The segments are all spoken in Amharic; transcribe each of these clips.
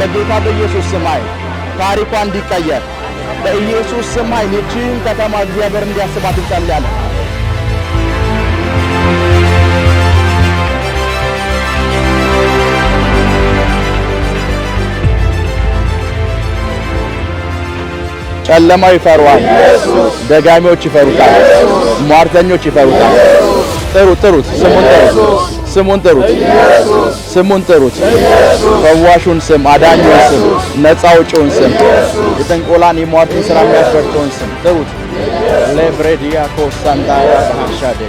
በጌታ በኢየሱስ ስም ኃይል ታሪኳ እንዲቀየር በኢየሱስ ስም ኃይል ይህችን ከተማ እግዚአብሔር እንዲያስባት እንጸልያለን። ጨለማው ይፈሩሃል፣ ደጋሚዎች ይፈሩታል፣ ሟርተኞች ይፈሩታል። ጥሩ ጥሩት፣ ስሙን ጥሩት። ስሙን ጥሩት፣ ስሙን ጥሩት፣ ፈዋሹን ስም፣ አዳኙን ስም፣ ነፃ አውጪውን ስም፣ የጥንቆላን የሟርትን ሥራ የሚያስፈርቀውን ስም ጥሩት። ሌብሬዲያ ኮሳንታያ ሻዴ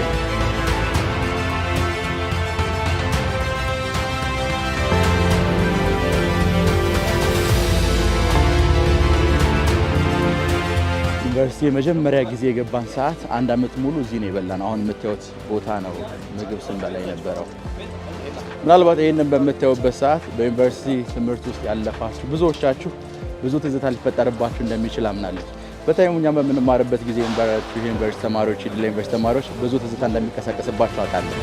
ዩኒቨርሲቲ የመጀመሪያ ጊዜ የገባን ሰዓት አንድ አመት ሙሉ እዚህ ነው የበላነው። አሁን የምታዩት ቦታ ነው ምግብ ስንበላ የነበረው። ምናልባት ይህንን በምታዩበት ሰዓት በዩኒቨርሲቲ ትምህርት ውስጥ ያለፋችሁ ብዙዎቻችሁ ብዙ ትዝታ ሊፈጠርባችሁ እንደሚችል አምናለች። በተለይም እኛም በምንማርበት ጊዜ ዩኒቨርሲቲ ተማሪዎች፣ የዲላ ዩኒቨርሲቲ ተማሪዎች ብዙ ትዝታ እንደሚቀሰቀስባችሁ አውቃለሁ።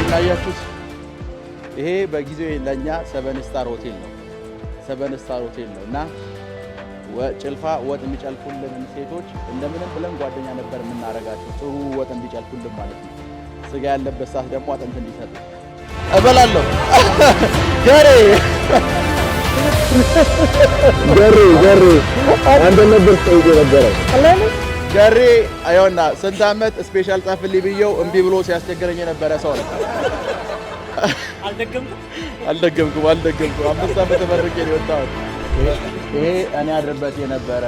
ይታያችሁት ይሄ በጊዜው ለእኛ ሰቨን ስታር ሆቴል ነው። ሰቨን ስታር ሆቴል ነው እና ጭልፋ ወጥ የሚጨልፉልን ሴቶች እንደምንም ብለን ጓደኛ ነበር የምናረጋቸው። ጥሩ ወጥ እንዲጨልፉልን ማለት ነው። ስጋ ያለበት ሰዓት ደግሞ አጥንት እንዲሰጡ እበላለሁ። ገሬ ገሬ ገሬ አንድ ነበር ነበረ። ገሬ ይኸውና ስንት ዓመት ስፔሻል ጻፍልኝ ብየው እምቢ ብሎ ሲያስቸግረኝ የነበረ ሰው ነው። አልደገምኩም አልደገምኩም። አምስት ዓመት ተመርቄ ነው የወጣሁት። ይሄ እኔ አድርበት የነበረ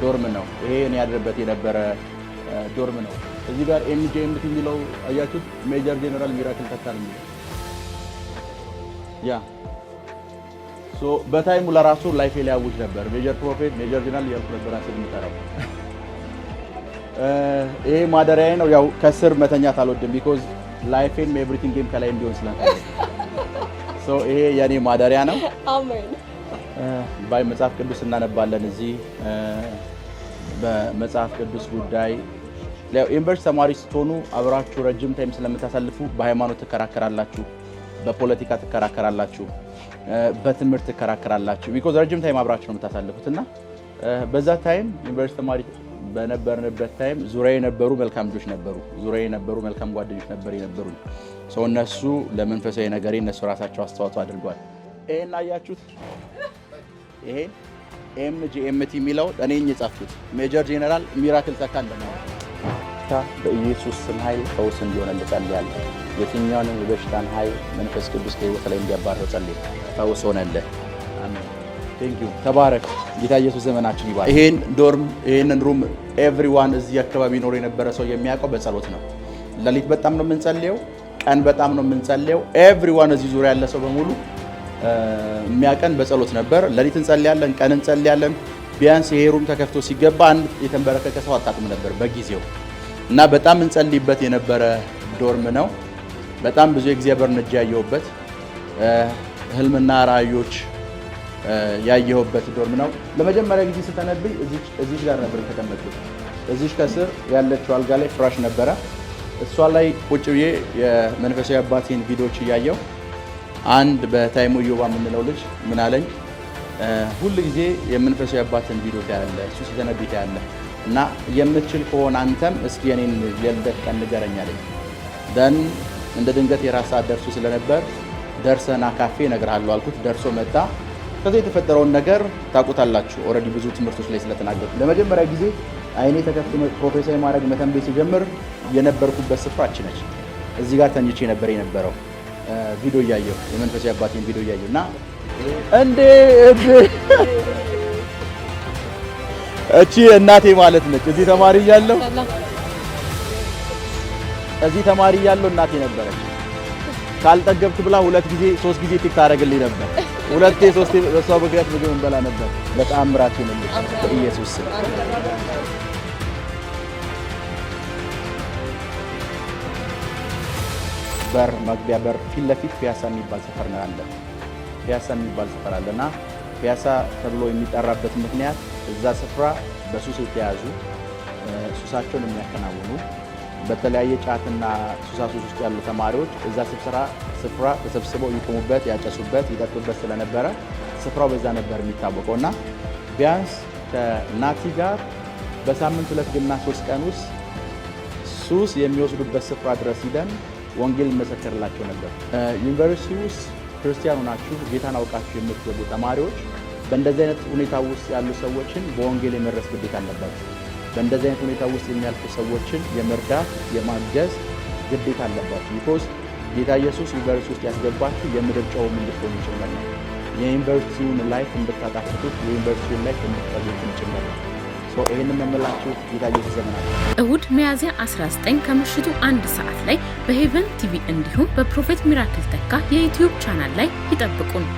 ዶርም ነው። ይሄ እኔ አድርበት የነበረ ዶርም ነው። እዚህ ጋር ኤምጄኤምት የሚለው አያችሁት? ሜጀር ጄኔራል ሚራክል ተካል የሚለው ያ ሶ በታይሙ ለራሱ ላይፌ ሊያውጅ ነበር። ሜጀር ፕሮፌት፣ ሜጀር ጄኔራል ያልኩ ነበር ራሴን የምጠራው። ይሄ ማደሪያዬ ነው። ያው ከስር መተኛት አልወድም ቢኮዝ ላይፌም ኤቭሪቲንግም ከላይ እንዲሆን ስላታለ ይሄ የኔ ማደሪያ ነው። አሜን። ባይ መጽሐፍ ቅዱስ እናነባለን። እዚህ በመጽሐፍ ቅዱስ ጉዳይ ዩኒቨርሲቲ ተማሪ ስትሆኑ አብራችሁ ረጅም ታይም ስለምታሳልፉ በሃይማኖት ትከራከራላችሁ፣ በፖለቲካ ትከራከራላችሁ፣ በትምህርት ትከራከራላችሁ። ቢኮዝ ረጅም ታይም አብራችሁ ነው የምታሳልፉት እና በዛ ታይም ዩኒቨርሲቲ ተማሪ በነበርንበት ታይም ዙሪያ የነበሩ መልካም ልጆች ነበሩ። ዙሪያ የነበሩ መልካም ጓደኞች ነበር የነበሩ ሰው እነሱ ለመንፈሳዊ ነገሬ እነሱ ራሳቸው አስተዋጽኦ አድርጓል። ይሄን አያችሁት? ይሄ ኤምጂ ኤምቲ የሚለው እኔ የጻፍኩት ሜጀር ጄኔራል ሚራክል ተካ እንደማለት በኢየሱስ ስም ኃይል ፈውስ እንዲሆን እንጸልያለን። የትኛውንም የበሽታን ኃይል መንፈስ ቅዱስ ከህይወት ላይ እንዲያባረው ጸልይ። ፈውስ ሆነልህ። አሜን። ተባረክ። ጌታ ኢየሱስ ዘመናችን ይባል። ይሄን ዶርም ይሄንን ሩም ኤቭሪዋን እዚህ አካባቢ ኖሮ የነበረ ሰው የሚያውቀው በጸሎት ነው። ለሊት በጣም ነው የምንጸልየው፣ ቀን በጣም ነው የምንጸልየው። ኤቭሪዋን እዚህ ዙሪያ ያለ ሰው በሙሉ የሚያቀን በጸሎት ነበር። ለሊት እንጸልያለን፣ ቀን እንጸልያለን። ቢያንስ ይሄ ሩም ተከፍቶ ሲገባ አንድ የተንበረከከ ሰው አታጥም ነበር በጊዜው እና በጣም እንጸልይበት የነበረ ዶርም ነው። በጣም ብዙ የእግዚአብሔርን እጅ ያየሁበት ህልምና ራእዮች ያየሁበት ዶርም ነው። ለመጀመሪያ ጊዜ ስተነብኝ እዚች ጋር ነበር የተቀመጥኩት። እዚች ከስር ያለችው አልጋ ላይ ፍራሽ ነበረ። እሷ ላይ ቁጭ ብዬ የመንፈሳዊ አባቴን ቪዲዮዎች እያየው አንድ በታይሙ ዮባ የምንለው ልጅ ምን አለኝ፣ ሁል ጊዜ የመንፈሳዊ አባትን ቪዲዮ ታያለህ፣ እሱ ሲተነብይ ታያለህ እና የምትችል ከሆነ አንተም እስኪ የኔን የልደት ቀን ንገረኝ አለኝ። ደን እንደ ድንገት የራስ ሰዓት ደርሶ ስለነበር ደርሰና ካፌ እነግርሃለሁ አልኩት። ደርሶ መጣ። ከዛ የተፈጠረውን ነገር ታውቁታላችሁ። ኦልሬዲ ብዙ ትምህርቶች ላይ ስለተናገሩ ለመጀመሪያ ጊዜ አይኔ ተከፍቶ ፕሮፌሰር ማድረግ መተንበይ ሲጀምር የነበርኩበት ስፍራ አች ነች። እዚህ ጋር ተኝቼ ነበር የነበረው ቪዲዮ እያየሁ የመንፈሳዊ አባቴን ቪዲዮ እያየሁ እና እንዴ እቺ እናቴ ማለት ነች። እዚህ ተማሪ እያለሁ እዚህ ተማሪ እያለሁ እናቴ ነበረች። ካልጠገብክ ብላ ሁለት ጊዜ ሶስት ጊዜ ቲክ ታደርግልኝ ነበር ሁለቴ ሶስቴ በሷ ምክንያት ምግብ እንበላ ነበር። በጣም ራት ይልም በኢየሱስ ስም በር መግቢያ በር ፊት ለፊት ፒያሳ የሚባል ሰፈር ነው ያለ። ፒያሳ የሚባል ሰፈር አለና ፒያሳ ተብሎ የሚጠራበት ምክንያት እዛ ስፍራ በሱስ የተያዙ ሱሳቸውን የሚያከናውኑ በተለያየ ጫትና ሱሳሱስ ውስጥ ያሉ ተማሪዎች እዛ ስብሰራ ስፍራ ተሰብስበው ይቆሙበት ያጨሱበት፣ ይጠጡበት ስለነበረ ስፍራው በዛ ነበር የሚታወቀው እና ቢያንስ ከናቲ ጋር በሳምንት ሁለትና ሶስት ቀን ውስጥ ሱስ የሚወስዱበት ስፍራ ድረስ ሂደን ወንጌል እንመሰክርላቸው ነበር። ዩኒቨርሲቲ ውስጥ ክርስቲያን ሆናችሁ ጌታን አውቃችሁ የምትገቡ ተማሪዎች በእንደዚህ አይነት ሁኔታ ውስጥ ያሉ ሰዎችን በወንጌል የመድረስ ግዴታ አለባቸው። በእንደዚህ አይነት ሁኔታ ውስጥ የሚያልፉ ሰዎችን የመርዳት የማገዝ ግዴታ አለባችሁ። ቢኮዝ ጌታ ኢየሱስ ዩኒቨርሲቲ ውስጥ ያስገባችሁ የምድር ጨውም እንድትሆኑ ጭምር ነው። የዩኒቨርሲቲውን ላይፍ እንድታጣፍጡት፣ የዩኒቨርሲቲውን ላይፍ እንድትጠሉትም ጭምር ነው። ይህን መመላችሁ ጌታ ኢየሱስ ዘመናል። እሁድ ሚያዝያ 19 ከምሽቱ አንድ ሰዓት ላይ በሄቨን ቲቪ እንዲሁም በፕሮፌት ሚራክል ተካ የዩትዩብ ቻናል ላይ ይጠብቁን።